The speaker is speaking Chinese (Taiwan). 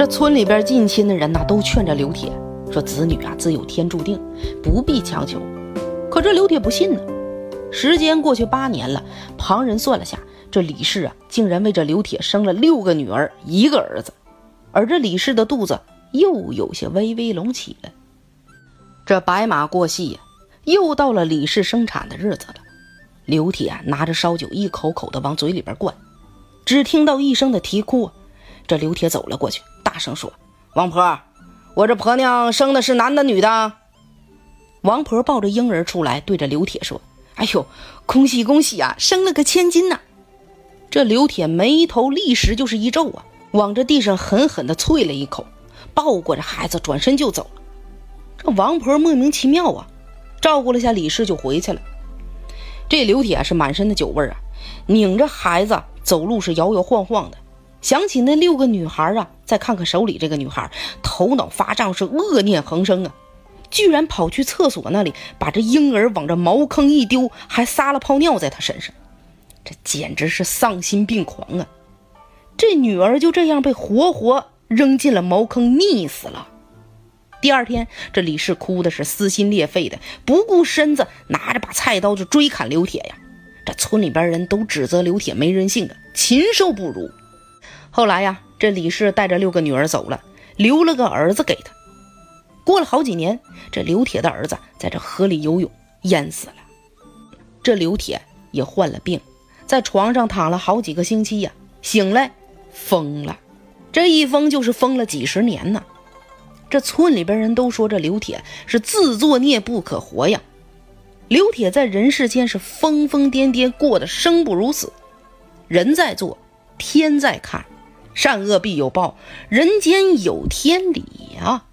這村裡邊近親的人吶，都勸着劉鐵說：“子女啊，自有天注定，不必強求。”可這劉鐵不信呢。時間過去八年了，旁人算了下，這李氏啊，竟然為這劉鐵生了六個女兒，一個兒子。而這李氏的肚子又有些微微隆起了。這白馬過隙呀啊，又到了李氏生產的日子了。劉鐵啊拿着燒酒，一口口的往嘴裡邊灌，只聽到一聲的啼哭啊，這劉鐵走了過去。聲說：“王婆，我這婆娘生的是男的女的？”王婆抱着嬰兒出來，對着劉鐵說：“哎呦，恭喜恭喜啊，生了個千金吶啊！”這劉鐵眉頭立時就是一皺啊，往這地上狠狠的啐了一口，抱過這孩子，轉身就走了。這王婆莫名其妙啊，照顧了下李氏就回去了。這劉鐵是滿身的酒味啊，擰着孩子走路是搖搖晃晃的。想起那六個女孩啊，再看看手裡這個女孩，頭腦發脹，是惡念橫生啊！居然跑去廁所那裡，把這嬰兒往這茅坑一丟，還撒了泡尿在她身上，這簡直是喪心病狂啊！這女兒就這樣被活活扔進了茅坑，溺死了。第二天，這李氏哭的是撕心裂肺的，不顧身子，拿着把菜刀就追砍劉鐵呀！這村裡邊人都指責劉鐵沒人性啊，禽獸不如。後來呀，這李氏帶着六個女兒走了，留了個兒子給他。過了好幾年，這劉鐵的兒子在這河裡游泳淹死了。這劉鐵也患了病，在床上躺了好幾個星期呀、啊，醒來瘋了。這一瘋就是瘋了幾十年呢。這村裡邊人都說這劉鐵是自作孽不可活呀。劉鐵在人世間是瘋瘋癲癲，過得生不如死。人在做，天在看。善惡必有報，人間有天理呀。